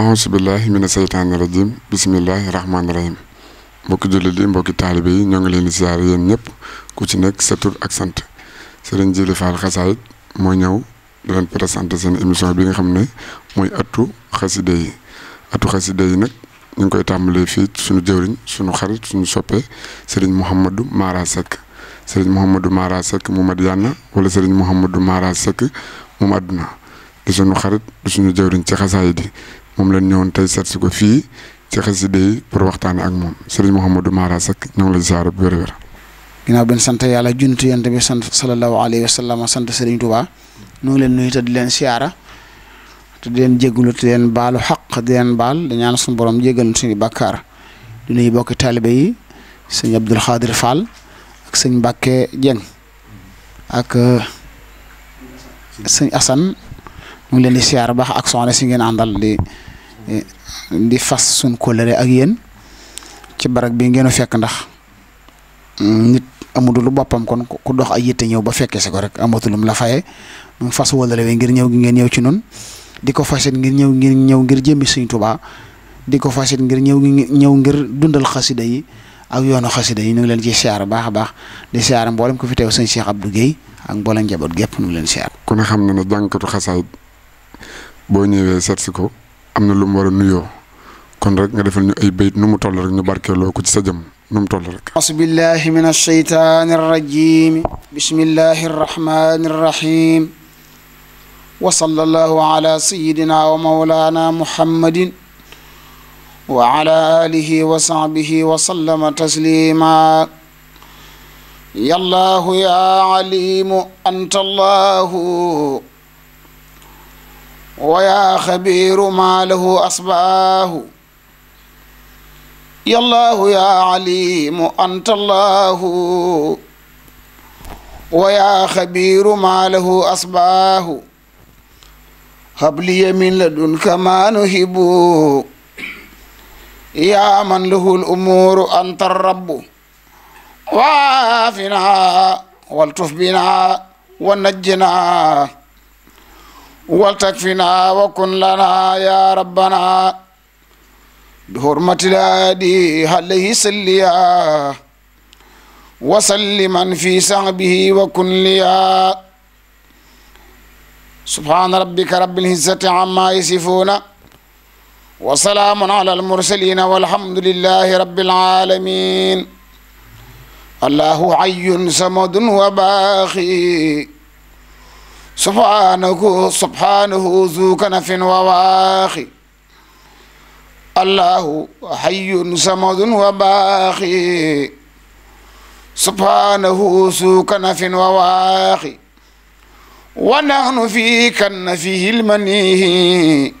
ahousubillahi mina seytaani rajim bisimillahi rahmaani rahim mbokki jullit yi mbokki taalibe yi ñoo ngi leen di siyaare yéen ñëpp ku ci nekk sa ak sant Serigne Djily Fall Xasaayit moo ñëw di leen présenté seen émission bi nga xam ne mooy atu xaside yi atu xaside yi nag ñu ngi koy tàmbalee fii suñu jëwriñ suñu xarit suñu soppe Serigne Mouhamadou Mara Seck Serigne Mouhamadou Mara Seck mu Madiyana wala Serigne Mouhamadou Mara Seck mu àdduna di suñu xarit di suñu jëwriñ ci xasaayit yi mom lañ ñëwon tay sétsu ko fi ci xéside yi pour waxtaan ak mom serigne Mouhamadou Mara Seck ñoo la lay ziare bu wér-wér. ginnaaw bi ñu sant juntu yent bi sant sallallahu alayhi wasallam sante serigne Touba ñu leen nuyu te di leen siyaara te di leen jéggulu te leen balu haqq di leen bal di ñaan suñu borom jégalu suñu bakkar di nuyu bokk talibé yi serigne Abdul khadir Fall ak serigne Mbàkke Jeng ak sëñ Assane mu ngi leen di siyaar baax ak soxna si ngeen àndal di di fas suñ kóllëre ak yéen ci barag bi ngeen fekk ndax nit amudul lu boppam kon ku dox ay yitte ñëw ba fekkee si ko rek amatulum la faye mu fas wóllëre wi ngir ñëw ngeen ñëw ci nun di ko fasit ngir ñëw ngir ñëw ngir jëmmi Sëriñ Tuubaa di ko fasit ngir ñëw ñëw ngir dundal xasida yi ak yoonu xasida yi ñu ngi leen ci siyaar baax a baax di siyaar mboolem ku fi teew sëñ Cheikh Abdou Guèye ak mboolem njaboot gépp ñu ngi leen siyaar ku ne xam na ne jànkatu boo ñëwee seet si ko am na lu mu war a nuyoo kon rek nga defal ñu ay bayit nu mu toll rek ñu barkeeloo ko ci sa jëm nu mu toll rek asbillahi min alsheytaani arrajim bismillahi arrahmani arrahim wa sallallahu ala sayidina wa maulana muhammadin wa ala alihi wa sahbihi wa sallama taslima ya allahu ya alimu anta allahu ويا خبير ما له أصباه يا الله يا عليم أنت الله ويا خبير ما له أصباه هب لي من لدنك ما نهب يا من له الأمور أنت الرب وعافنا والتف بنا ونجنا والتكفينا وكن لنا يا ربنا بحرمة الهادي عليه سليا وسلما في صحبه وكن ليا سبحان ربك رب العزة عما يصفون وسلام على المرسلين والحمد لله رب العالمين الله عي صمد وباخي سبحانه سبحانه ذو كنف وواخي الله حي صمد وباخي سبحانه ذو كنف وواخي ونحن في كنفه المنيه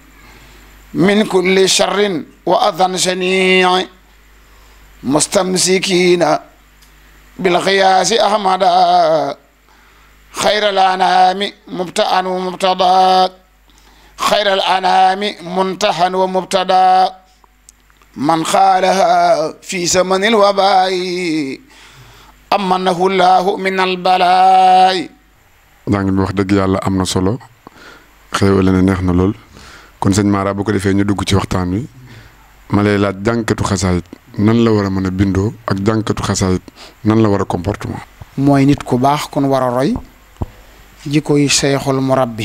من كل شر وأذن شنيع مستمسكين بالقياس أحمد خير الأنعام مبتأ ومبتدا خير الأنعام منتهى ومبتدا من خالها في زمن الوباء أمنه الله من البلاء dangeen bi wax dëgg yàlla am na solo xéewale na neex na lool kon sëñ Mara bu ko defee ñu dugg ci waxtaan wi ma lay laaj jànkatu xasaayit nan la war a mën a bindoo ak jànkatu xasaayit nan la war a comportement mooy nit ku baax kon war a roy jiko yi seexul murabbi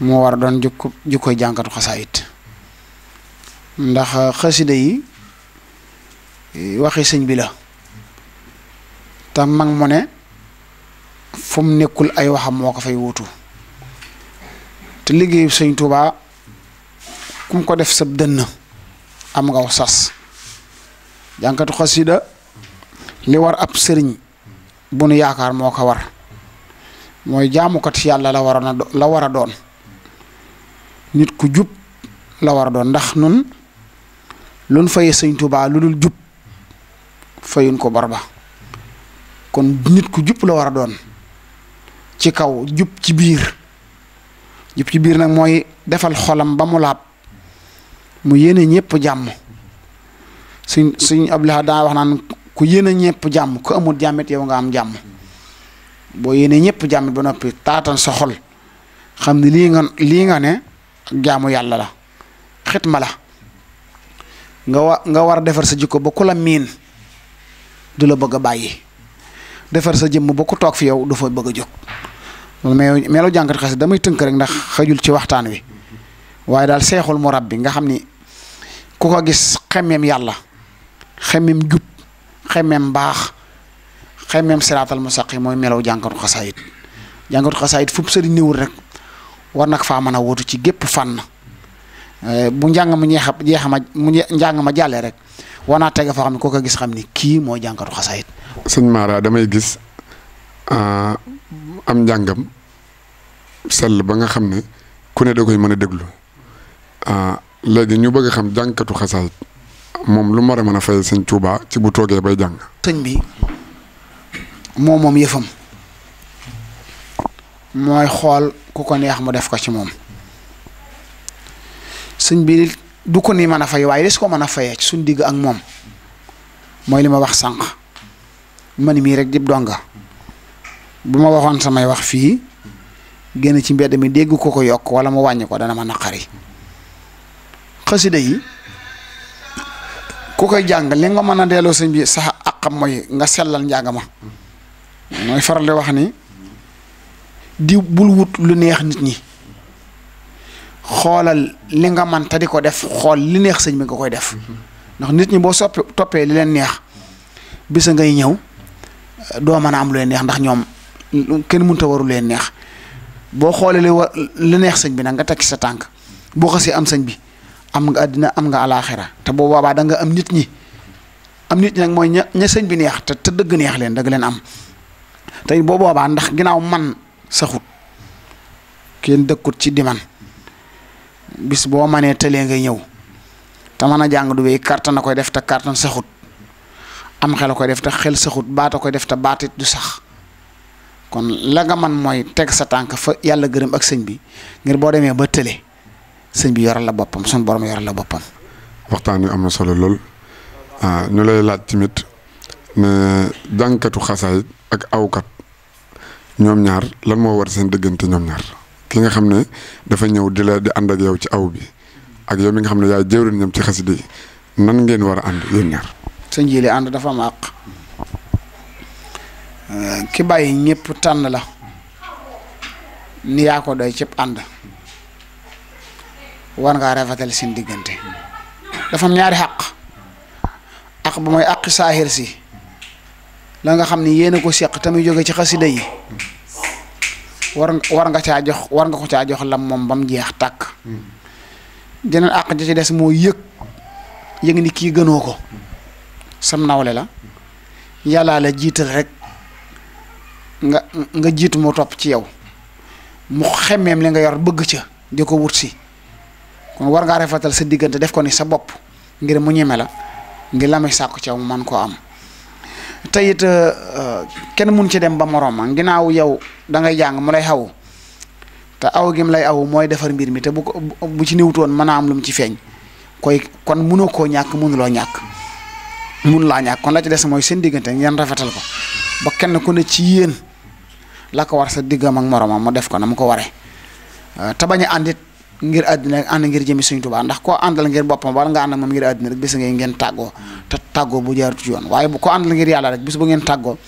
mo war don jiko jiko jankatu khasaid, ndax khasida yi waxi seigne bi la te mag moné ne nekul ay waxam moo ko fay wutu te liggey seigne touba kum ko def sab am nga sas jankatu xasida li war ab serigne bunu nu moko mooy jaamukat yàlla la war a la war a doon nit ku jub la war a doon ndax nun luñ fayee sëñ tubaa lu dul jub fayun ko bor kon nit ku jub la war a doon ci kaw jub ci biir jub ci biir nag mooy defal xolam ba mu laab mu yéene ñëpp jàmm suñ suñ ab Ahad daa wax naan ku yéene ñëpp jàmm ku amul jàmmit yow nga am jàmm bo yene ñepp jàmm ba nopi taatan sa xol xamni li nga li nga ne ak jaamu la xitma la nga nga war defer defar sa jikko ba ku la min du la bëgg bayyi bàyyi defar sa jëm ba ku toog fi yow du fa bëgg jox jóg mais melu jànkat damay teunk rek ndax xajul ci waxtaan wi waye dal sheikhul murabbi nga xamni ni ku ko gis xemem yalla xemem jup xemem bax xemmeem siraatal mustaqim mooy melaw jànkatu xasaayit jànkatu xasaayit fu mu sëriñ néewul rek war nag faa mën a wootu ci gépp na eh, bu njàng ma ñeexa jeexama mu njàng ma jàllee rek war foo xam ne koo ko gis xam ni kii mooy jànkatu xasaayit sëñ Mara damay gis ah, am njàngam sell ba nga xam ne ku ne da koy mën a déglu ah, léegi ñu bëgg xam jànkatu xasaayit moom lu mu war a mën a fay sëñ Tuubaa ci bu toogee bay jàng sëñ bi moo moom yëfam mooy xool ku ko neex mu def ko ci moom suñ bi du ko ni mën a fay waaye des ko mën a fayee ci suñ digg ak moom mooy li ma wax sànq mani mii rek dib donga bu ma waxoon samay wax fii génn ci mbedd mi dégg ko ko yokk wala mu wàññi ko dana ma naqari xasida yi ku koy jàng li nga mën a delloo sëñ bi sax mooy nga sellal njàng mooy faral di wax ni di bul wut lu neex nit ñi xoolal li nga man ta di ko def xool li neex sëñ bi nga koy def ndax nit ñi boo soppi toppee li leen neex bisa ngay ñëw doo mën a am lu leen neex ndax ñoom kenn mënta warul leen neex boo xoolee li wa neex sëñ bi nag nga tekki sa tànk boo xasee am sëñ bi am nga àddina am nga alaaxira te boo boobaa da nga am nit ñi am nit ñi nag mooy ña sëñ bi neex te te dëgg neex leen dëgg leen am tey boo boobaa ndax ginnaaw man saxut kenn dëkkut ci di bis boo manee tëlee ngay ñëw te mën a jàng du wéy kàttan koy def te kàttan saxut am xel koy def te xel saxut baata koy def te baatit du sax kon la nga man mooy teg sa tànk fa yàlla gërëm ak sëñ bi ngir boo demee ba tële sëñ bi yoral la boppam sun borom yoral la boppam. waxtaan wi am na solo lool ah, ñu lay laaj tamit ne jànkatu xasaay ak awkat ñoom ñaar lan moo war seen diggante ñoom ñaar ki nga xam ne dafa ñëw di la di ànd ak yow ci aw bi ak yow mi nga xam ne yaay jëwriñ ñoom ci xasida yi nan ngeen war a ànd yéen ñaar. sëñ ji ànd dafa am àq euh, ki bàyyi ñëpp tànn la ni yaa ko doy cib ànd war ngaa rafetal seen diggante dafa am ñaari àq àq bu mooy àqi saahir si. la nga xamni ne ko sekk tamit joge ci khasside yi war war nga ca jox war nga ko ca jox lam mom bam jeex tak dina ak ja ci dess mo yek yëg ni ki gënoo ko sam nawle la yalla la jitt rek nga nga jitt mo top ci yow mu xemem li nga yor bëgg ca di ko kon war nga rafetal sa diggante def ko ni sa bop ngir mu ñeme la ngir lamay sakku ci yow man ko am te it euh, euh, kenn mun ci dem ba morooma ginnaaw yow da ngay jàng mu lay xaw te aw gim lay aw mooy defar mbir mi te bu ko bu ci niwutoon mën a am lu mu ci feeñ koy kon mënoo koo ñàkk mënuloo ñàkk mun laa ñàkk kon la ci des mooy seen diggante ngeen rafetal ko ba kenn ku ne ci yéen la ko war sa diggam ak moroomam mu def ko na mu ko waree euh, te bañ a àndit ngir àddina ak ànd ngir jëmi suñ tubaa ndax koo àndal ngir boppam wala nga ànd ak moom ngir àddina rek bis ngay ngeen tàggoo te tàggoo bu jaarut ci yoon waaye bu ko àndal ngir yàlla rek bis bu ngeen tàggoo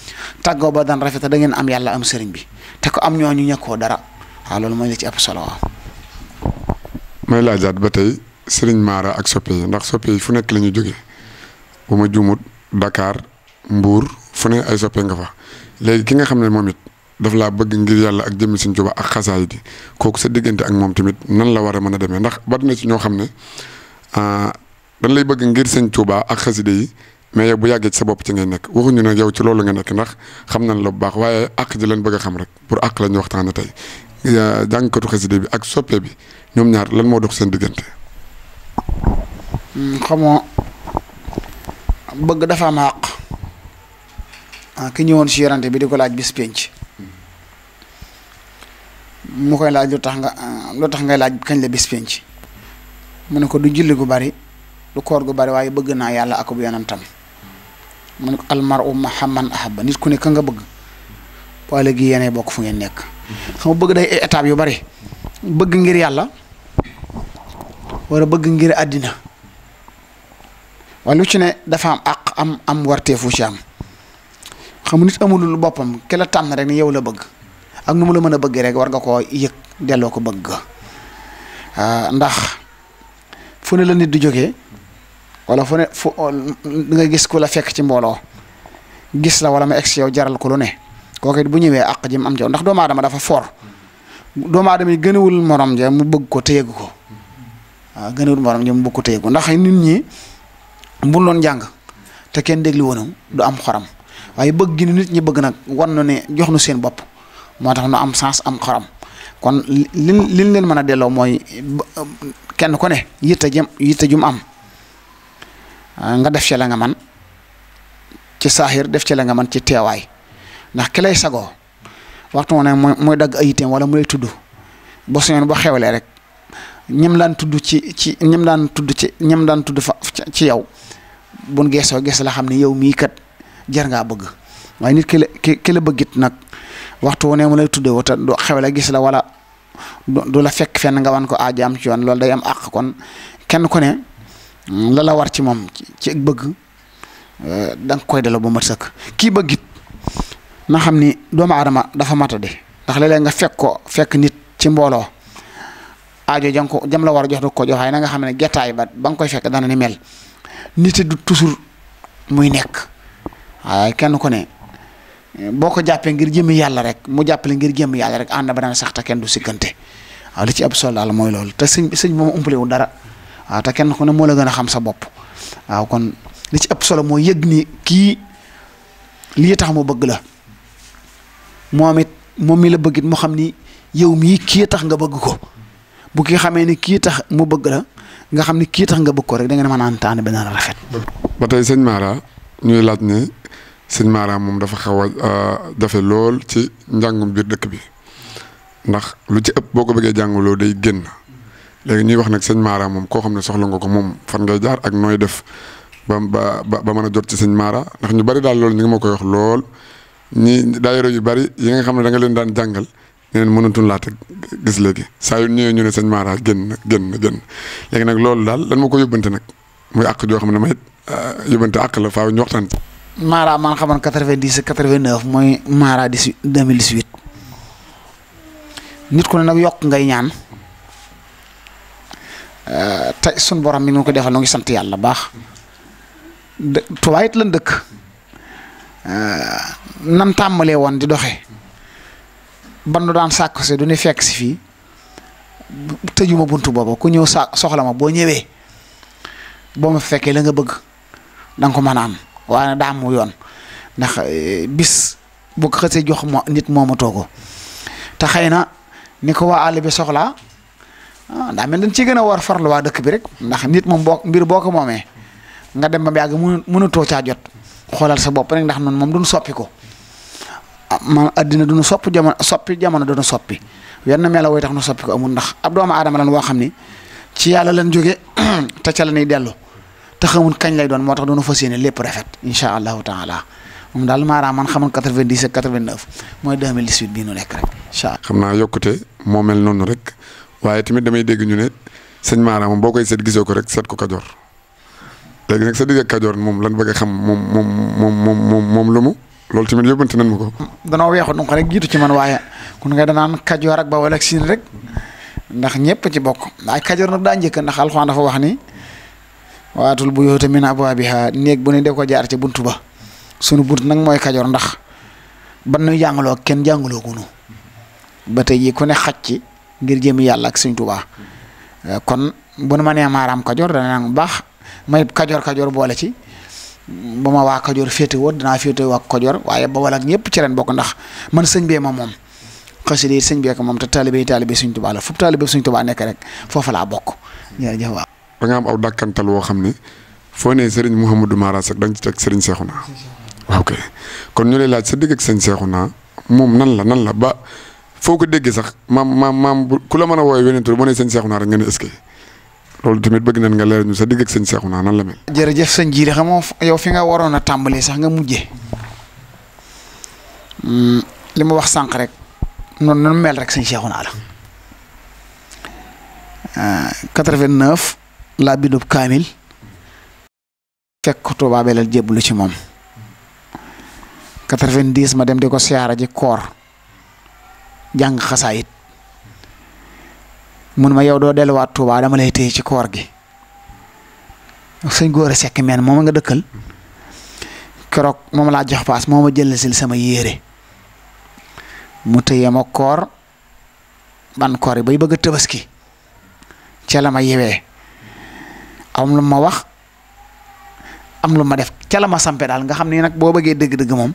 tàggoo ba daan rafet da ngeen am yàlla am sëriñ bi te ko am ñooñu ñekkoo dara waaw loolu mooy la ci ëpp solo waaw may laajaat ba tey sëriñ Mara ak soppe yi ndax soppe yi fu nekk la ñu jóge bu ma juumut Dakar Mbuur fu ne ay soppe nga fa léegi ki nga xam ne moom daf laa bëgg ngir yàlla ak jëmmi Sëñ Tuubaa ak xasaay di kooku sa diggante ak moom tamit nan la war a mën a demee ndax bari na ci ñoo xam ne ah, dan lay bëgg ngir Sëñ Tuubaa ak xaside yi mais yow bu yàggee ci sa bopp ci ngay nekk waxuñu ne yow ci loolu nga nekk ndax xam nañ la bu baax waaye àq ji lañ bëgg a xam rek pour ak la ñu waxtaanee tey jàngkatu xaside bi ak soppe bi ñoom ñaar lan moo dox seen diggante. Hmm, xamoo bëgg dafa am ak ah, ki ñëwoon si yorante bi di ko laaj bis penc mu koy laaj lu tax nga lu tax ngay laaj kañ la bis penc mu ne ko du julli gu bari du koor gu bari waaye bëgg naa yàlla ak bu yonentam mu ne ko almaru mahamman ahabba nit ku ne ka nga bëgg waa léegi yéenee bokk fu ngeen nekk xam nga bëgg day étape yu bari bëgg ngir yàlla wala bëgg ngir àddina wala lu ci ne dafa am àq am am warteefu ci am xam nit amulul boppam ki la tànn rek ni yow la bëgg ak numu la mën bëgg rek war nga ko yek delo ko bëgg ah, ndax fu ne la nit du joggé wala fu ne nga gis ku la fekk ci mbolo gis la wala ma ex yow jaral ko lu ne ko kay bu ñëwé ak ji am ci ndax doomu adam dafa for doomu adam yi gënewul morom ja mu bëgg ko téyegu ko ah gënewul morom ja mu bëgg ko ko ndax nit ñi mbul loon jang te kenn degli du am xaram waye bëgg gi nit ñi bëgg nak wan ne seen bop moo tax nu am sens am xorom kon liñ liñ leen mën a delloo mooy kenn ku ne yitte jëm yitte jum am ah, nga def ci la nga man ci saaxir def ci la nga man ci teewaay ndax kilay lay sagoo waxtu wu ne mooy dagg ay yitteem wala mu lay tudd ba suñu boo xewlee rek ñim laan tudd ci ci ñim daan tudd ci ñim daan tudd fa ci yow bun geesoo gees la xam ne yow mii kat jar ngaa bëgg waaye nit ki la bëggit nag. waxtu wu ne mu lay tuddee woo te du xew la gis la walla du la fekk fenn nga wan ko ah am ci yoon loolu day am àq kon kenn ko ne la la war ci moom ci bëgg euh, da nga koy delloo ba mat sëkk kii bëgg na xam ni doomu aadama dafa matadi ndax léeg-léeg nga fekk ko fekk nit ci mbooloo aajo jang ko jam la war a jox du ko joxaay waaye na nga xam ne gettaay ba ba nga koy fekk dana ni mel nit du toujours muy nekk waaye kenn ku ne boo ko jàppee ngir jëm yàlla rek mu jàppale ngir jëm yàlla rek ànd ba daan sax te kenn du sikkante waaw li ci ab solo daal mooy loolu te sëñ sëñ moom umpale wu dara waaw kenn ku ne moo la gën a xam sa bopp waaw kon li ci ab solo mooy yëg ni kii lii tax mu bëgg la moom it moom mi la bëgg it mu xam ni yow mii kii tax nga bëgg ko bu xamee ni kii tax mu bëgg la nga xam ni kii tax nga bëgg ko rek da ngeen mën a ànd benn rafet. ba tey sëñ Mara ñuy laaj ne. sëñ Mara moom dafa xaw a euh, jafe lool ci njàngum biir dëkk bi ndax lu ci ëpp boo ko bëggee jàngaloo day génn léegi ñuy wax nag sëñ Mara moom koo xam ne soxla nga ko moom fan ngay jaar ak nooy def ba ba ba mën a jot ci sëñ Mara ndax ñu bari daal loolu ñu ngi ma koy wax lool ñi daayira yu bari yi nga xam ne da leen daan jàngal ne leen mënatuñ laa gis léegi saa yu ñëwee ñu ne sëñ Mara génn génn génn léegi nag loolu daal lan ma ko yóbbante nag muy àq joo xam ne may euh, yóbbante àq la faaw ñu waxtaan mara man xamane 90 89 moy mara 2018 nit ko nak yok ngay ñaan euh tay sun borom mi ngi ko defal ngi sant yalla bax tubayit lan dekk euh nam tamale won di doxé bandu daan sakku sé du ni fekk ci fi tejuma buntu bobo ku ñew soxla ma bo ñewé bo ma fekké la nga bëgg dang ko mëna waaye nag daa mu yoon ndax eh, bis bu xësee jox mo nit moomatoo ko te xëy na ni ko waa àll bi soxlaa ndax ah, mel dañ ci gën a war farlu waa dëkk bi rek ndax nit moom boo mbir boo ko moomee nga dem ma mu yàgg mënu mënatoo caa jot xoolal sa bopp rek ndax noonu moom duñ soppi ko ah, man addina duñu soppi jamono soppi jamono duñu soppi wenn melo wooy tax nu soppi ndax ab doomu aadama lan woo xam ni ci yàlla lan jóge te ca la ñuy dellu te kañ lay doon moo tax doonu fas yéene lépp rafet incha allahu taala moom daal maanaam man xamul 90 ak 89 mooy 2018 bii nu nekk rek xam naa yokkute moo mel noonu rek waaye tamit damay dégg ñu ne sëñ Mara moom boo koy seet gisoo ko rek seet ko Kajoor léegi nag sa digg Kajoor moom lan bëgg a xam moom moom moom moom moom lu mu loolu tamit yóbbante nan ma ko. danoo weexu nu rek jiitu ci man waaye kun nga danaan Kajoor ak Bawol ak Siin rek ndax ñëpp ci bokk ay Kajoor nag daa njëkk ndax alxuraan dafa wax ni. waatul buyuuta min abwaabiha neeg bu ne de ko jaar ci buntu ba sunu burt nak moy kadior ndax ban jangalo ken jangalo gunu ba tey jii ku ne xacc ngir jëm yalla ak Sëñ Tuubaa eh, kon bu nu ma nee maaraam kajoor dana naan baax may kadior kajoor boole ci ba wa kadior fete wo dana fete wa kadior waye waaye ba wala ñepp ci ren bok ndax man sëñ bee ma moom xasida yi sëñ bee ko moom te taalibe yi taalibe la fu taalibe Sëñ Tuubaa nek rek foofu laa bokk da nga am aw dàkkantal woo xam ne foo ne sëriñ Mouhamadou Mara Seck da nga ci teg sëriñ Seexuna waaw kon ñu lay laaj sa digg ak sëriñ Seexuna moom nan la nan la ba foo ko sax maam maam maam bu ku la mën a woowee weneen tur bu ne sëriñ Seexuna rek nga ne est loolu tamit bëgg nañ nga leer ñu sa digg ak sëriñ Seexuna nan la mel. jërëjëf sëñ Jiiri xam nga yow fi nga waroon a tàmbalee sax nga mujjee hmm, li ma wax sànq rek noonu mel rek sëñ Seexuna la 89. Euh, laa bindub kaamil fekk Tuubaa Belel jébbalu ci moom 90 ma dem di ko siyaara ji koor jàng mun ma yow doo delluwaat Tuubaa dama lay téye ci koor gi sëñ góor a sekk meen moom nga dëkkal keroog moom laa jox paas moo ma jëlal sama yéere mu téye ma koor ban koor bay bëgg a tabaski ca la ma yewee am lu ma wax am lu ma def ca la ma sampe dal nga xamni nak bo boo deug deug mom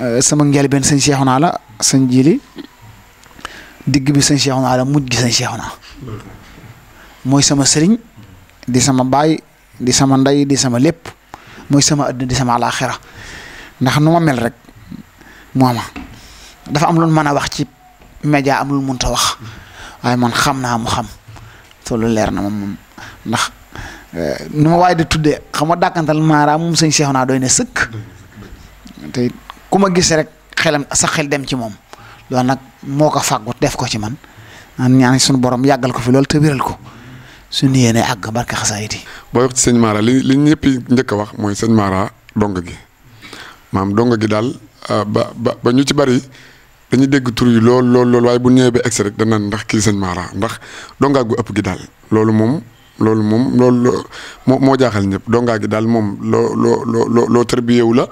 euh sama ben seigne Cheikhouna la seigne Jili digg bi seigne Cheikhouna la mujj gi Cheikhouna moy sama sëriñ di sama bay di sama nday di sama lepp moy sama ad di sama alakhirah ndax nu mel rek moma dafa am lu mën a wax ci media am lu mënta wax ay man xamna mu xam tolu leer na mom ndax nu ma waaye di tuddee xam ma dàkkantal maara moom sëñ Cheikh naa doy ne sëkk ku ma gis rek xelam sa xel dem ci moom loolu nag moo ko fàggut def ko ci man naan ñaan suñu borom yàggal ko fi loolu te wéral ko suñu yéene ak barke xasaayit yi. booy wax ci sëñ Mara li li ñëpp njëkk a wax mooy sëñ Mara dong gi maam dong gi daal ah, ba ba ba ñu ci bari dañuy dégg tur yi lool lool lool waaye bu ñëwee ba egsi rek danaan ndax kii sëñ Mara ndax dongaag gu ëpp gi daal moom. loolu mom loolu mo moo jaaxal ñëpp dongaa gi lo lo lo lo lo lo wu la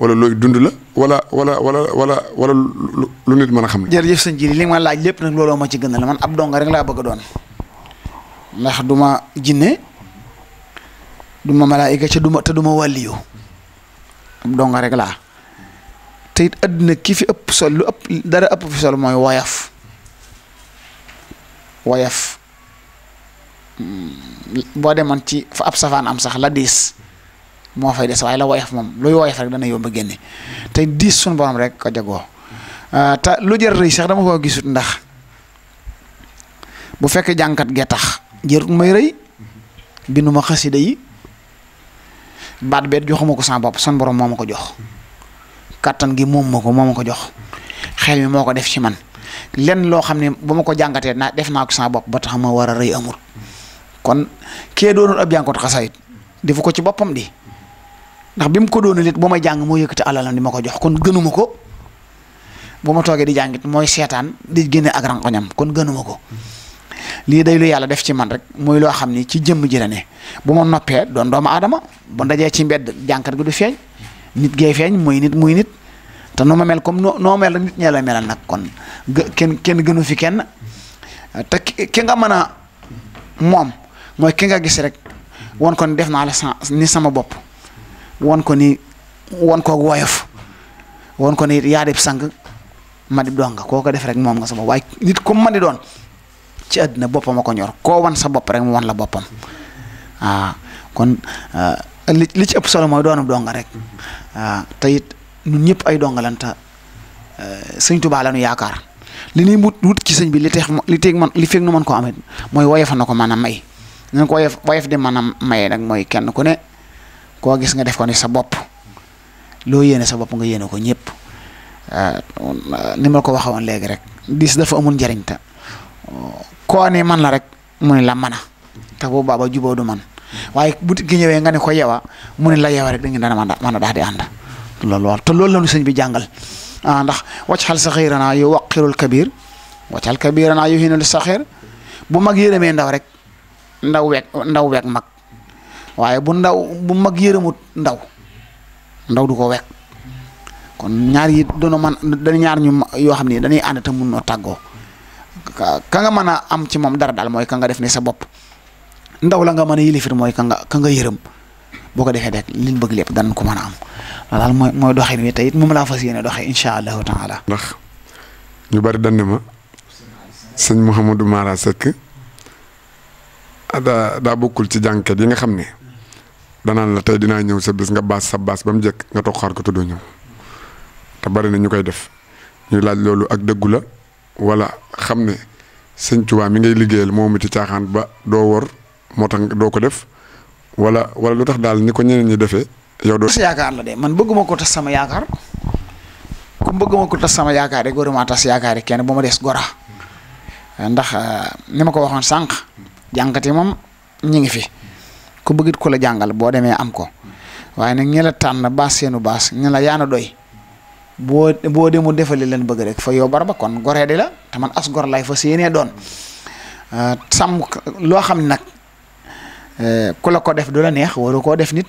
wala lo dund la wala wala wala wala wala lu nit mëna xam jeer jërëjëf señ jiri li ma laaj lepp nak looloo ma ci gënal man ab donga rek la bëgg doon ndax duma ma jinne du ma malaayika te duma waliyu ab donga rek la te it ki fi ëpp sol lu ëpp dara ëpp fi sol moy wayaf wayaf Mm. bo demoon ci fa ab safan am sax la dis mo fay dess way la wayef mom luy wayef rek dana yomba genné génne dis sun borom rek ko jagoo ah, ta lu jeur reuy sax dama ko gisut ndax bu fekk jankat ge tax jeur may reuy binuma ma yi bat bet joxuma ko sama bop sun borom momako jox katan gi moom ma jox xel mi moko def ci man len lo xamne ne ko jangate na def na ko sama bop ba tax ma wara reuy kon kee doonul ko jànkoot xasaayit defu ko ci bopam di ndax bim ko doone nit buma jang mo yekati yëkkati alalam di ma ko jox kon gënuma ko bu di jangit moy setan di gene ak rankoñam kon gënuma ko lii day lu yalla def ci man rek moy lo xamni ni ci mo. ji la ne bu ma noppee doon doomu aadama bu ndajee ci mbedd jànkat gu du feñ nit ge feñ moy nit moy nit ta no ma mel comme no mel nit ñee mel nak kon ken ken gënu fi ken ta ki nga mëna mom moy ki nga gis rek won ko ni def na la ni sama bop won ko ni won ko woyof won ko ni ya dib sang ma di dong koo def rek mom nga sama way nit ku ma di don ci àddina boppam ko ñor ko wan sa bop rek mu wan la bopam ah kon ah, li ci ep solo mooy doonub donga rek ah tayit it ñun ñep ay donga eh, lan ta seigne touba yakar, yaakar li ni mut wut ci seigne bi li tek li tek man li fek nu man ko amit moy woyofal nako manam may na ko woyof woyof di mën a maye nag mooy kenn ku ne koo gis nga def ko ni sa bopp loo yéene sa bopp nga yéene ko ñëpp ah, ni ma ko waxoon léegi rek diis dafa amul njariñ ta koo man la rek mu ne la mën a te bu baaba juboo du man waaye bu gi ñëwee nga ne ko yewa mu ne la yewa rek dañu dana man a daal di ànd loolu war te loolu la ñu sëñ bi jàngal ah ndax waccal saxiiranaa yu waqirul kabir waccal kabirana yu hinul saxir bu mag yërëmee ndaw rek ndaw weeg ndaw weeg mag waaye bu ndaw bu mag yërëmut ndaw ndaw du ko weeg kon ñaar yi dana man dana ñaar ñu yoo xam ne dañuy ànd te mun noo tàggoo ka nga mën a am ci moom dara daal mooy ka nga def ni sa bopp ndaw la nga mën a yilifir mooy ka nga ka nga yërëm boo ko defee rek liñ bëgg lépp dan ko mën a am loolu daal mooy doxe doxin wi tey it moom laa fas yéene doxee incha allahu taala. ndax ñu bari dañ ne ma sëñ Mouhamadou Mara Seck da da bokul ci jànkat yi nga xam da nan la tay dina ñew sa bis nga bass sa bass bam jek nga tok xaar ko tuddoo ñëw ta bari na ñukay def ñu laaj lolu ak deggu la wala xam señ tuba mi ngay liggéeyal moomu ci ba do wor moo do ko def wala wala lutax dal ni ko ñeneen ñi defé yow do yaakar la de man bëgguma ko tass sama yaakar ku bëgguma ko tass sama yaakar rek goruma tass yaakar rek kenn buma dess gora ndax eh, nima ko waxon sank jànkat yi moom ñu ngi fi ku bëggit ku jàngal boo demee am ko waaye nag ñi la na baas seenu baas ñi la yaana doy boo boo demu defalee leen bëgg rek fa yow ba kon goree la te man as gor lay fa si yéenee doon euh, loo xam ne nag euh, ku la ko def du la neex waru koo def nit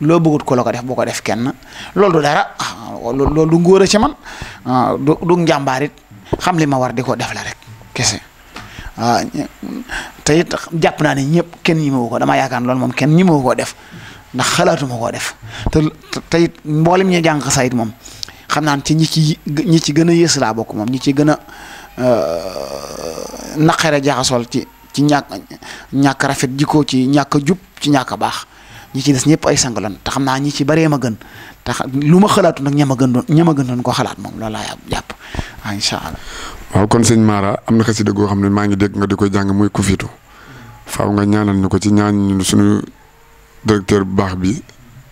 loo bëggut ku la ko def boo ko def kenn loolu du dara ah, loolu du ngóor a ci man ah, du du njàmbaar xam li ma war di ko def la rek kese Ah, te it jàpp naa ne ñëpp kenn ñimewu ko damaa yaakaar loolu moom kenn ñimewu koo def ndax xalaatuma koo def te te it mboolem ñu jàng xasaayit moom xam naa ci ñi ci ñi ci gën a yées laa bokk moom ñi ci gën a euh, naqare jaxasool ci ci ñàkk ñàkk rafet jikko ci ñàkk jub ci ñàkk baax ñi ci des ñëpp ay sang te xam naa ñi ci baree ma gën tax lu ma xalaatu nag ñama gën doon ñama ko xalaat moom loolu laa jàpp incha allah. kon sëñ Mara am na xasida goo xam ne maa ngi dégg nga di koy jàng muy kufitu faaw nga ñaanal ñu ko ci ñaan suñu directeur bu baax bi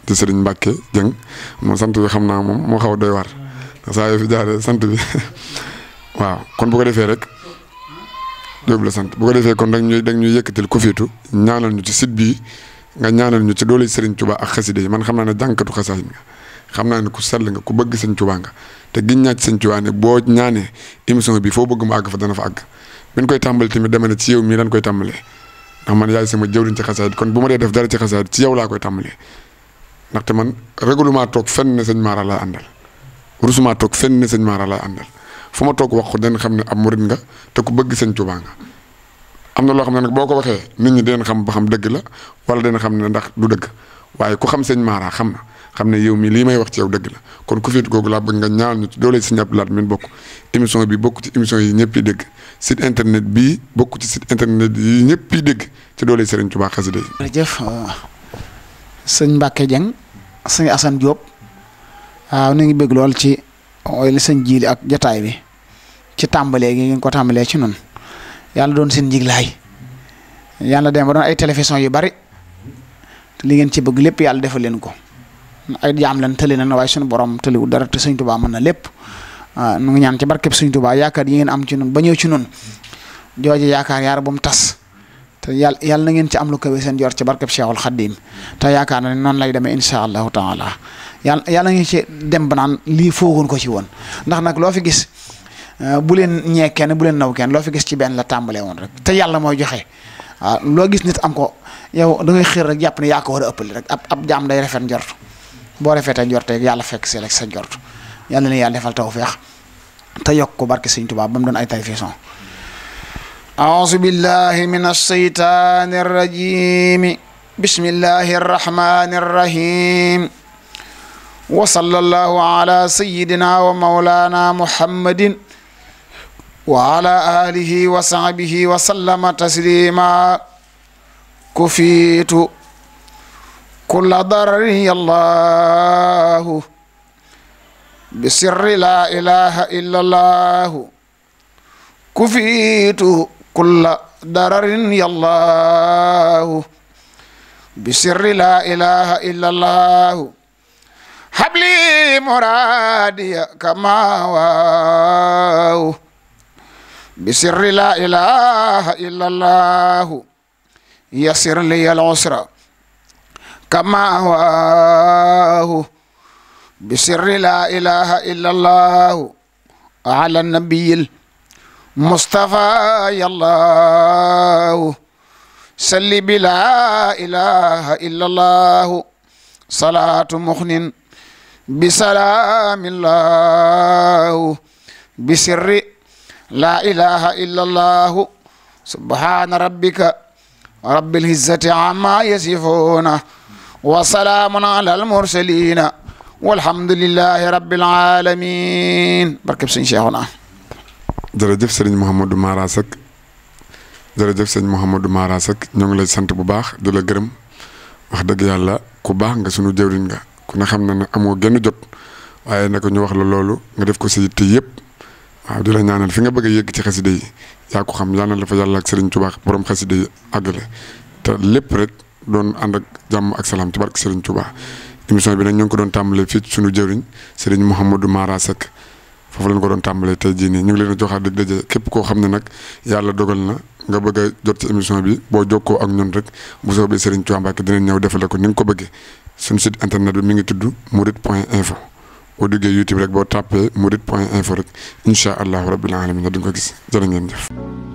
di sëriñ Mbacke Dieng moom sant bi xam naa moom moo xaw a war waar saa yoo fi jaaree sant bi waaw kon bu ko defee rek Diop la sant bu defee kon dañ ñuy dañ ñuy yëkkatil kufitu ñaanal ñu ci site bii nga ñaanal ñu ci doole sëriñ Tuubaa ak xasida yi man xam naa ne jànkatu xasaay nga xam naa ne ku sell nga ku bëgg sëñ Tuubaa nga te giñ naa ci sëñ ne boo ñaanee émission bi foo bëgg àgg fa dana fa àgg bi koy tàmbali tamit dama ne ci mii lañ koy tàmbalee ndax man yaay sama jëwriñ ci xasaayid kon bu ma dee def dara ci xasaayid ci yow laa koy tàmbalee ndaxte man régulement toog fenn ne sëñ Mara laa àndal toog fenn ne sëñ Mara laa àndal fu ma toog wax ko dañ xam ne ab murit nga te ku bëgg sëñ Tuubaa am na loo xam ne boo ko waxee nit ñi dinañ xam ba xam dëgg la wala dinañ xam ne ndax du dëgg waaye ku xam sëñ Mara xam na xam ne yow mi lii may wax ci yow dëgg la kon ku fit googu laa bëgg nga ñaanal ñu ci doole si ñàpp laat min bokk émission bi bokk ci émission yi ñëpp yi dégg site internet bi bokk ci site internet yi ñëpp yi dégg ci doole Serigne Touba xasida yi. Euh, sëñ Mbacke Dieng sëñ Assane Diop waaw ñu ngi bëgg lool ci sëñ jiili ak jotaay bi ci tàmbalee gi ngeen ko tàmbalee ci noonu yàlla doon seen njiglaay yàlla dem ba doon ay télévision yu bari li ngeen ci bëgg lépp yàlla defal leen ko. ay jaam lan tele na way sun borom tele wu dara te seigne touba man na lepp ah, nu ngi ñaan ci barke seigne touba yaakar yi ngeen am ci nun ba ñew ci nun jooje yaakar yaar bu mu tas te yal yal na ngeen ci am lu kawé seen jor ci barke Cheikhul Khadim te yaakar na non lay demee inshallah taala yal yal na ngeen ci dem banan li fogon ko ci won ndax nak lo fi gis ah, bu len ñe kenn bu len naw kenn lo fi gis ci ben la tambalé won rek te yalla moy joxé ah, lo gis nit am ko yow da ngay xir rek japp ne yaa ko war a rek ab ab jam day rafet jor boo rafetee njorteeg yàlla fek selek sa njort yal na leen yàlla defal tawféex ta yok ko barke sëñ Tuubaa ba mu doon ay tawféexam أعوذ بالله من الشيطان الرجيم بسم الله الرحمن الرحيم وصلى الله على سيدنا ومولانا محمد وعلى آله وصحبه وسلم تسليما كفيت كل ضرر الله بسر لا إله إلا الله كفيت كل ضرر الله بسر لا إله إلا الله هب مرادي كما واو بسر لا إله إلا الله يسر لي العسرة كما هواه بسر لا إله إلا الله على النبي المصطفى يا الله سل بلا إله إلا الله صلاة مخن بسلام الله بسر لا إله إلا الله سبحان ربك رب العزة عما يصفون وسلام على المرسلين والحمد لله رب العالمين بركب سن شيخنا jërëjëf sëriñ Mouhamadou Mara Seck jërëjëf sëriñ Mouhamadou Mara Seck ñoo ngi lay sant bu baax di la gërëm wax dëgg yàlla ku baax nga sunu jëwriñ nga ku ne xam na ne amoo genn jot waaye naka ñu wax la loolu nga def ko sa yitte yëpp waaw di la ñaanal fi nga bëgg a yegg ci xaside yi yaa ko xam yàlla na la fa yàlla ak sëriñ Tuubaa borom xaside yi àggale te lépp rek doon ànd ak jàmm ak salaam ci barke Serigne Touba émission bi nag ñu ngi ko doon tàmbalee fii suñu jëriñ Serigne Mouhamadou Mara Seck foofu lañ ko doon tàmbalee tey jii nii ñu ngi leen a joxaat dig daje képp koo xam ne nag yàlla dogal na nga bëgg jot ci émission bi boo jokkoo ak ñun rek bu soobee Serigne Touba Mbacke dinañ ñëw defale ko ni nga ko bëggee suñu site internet bi mi ngi tudd murit point info boo duggee YouTube rek boo tàppee murit point info rek incha allahu rabbil alamin nga di ko gis jërë ngeen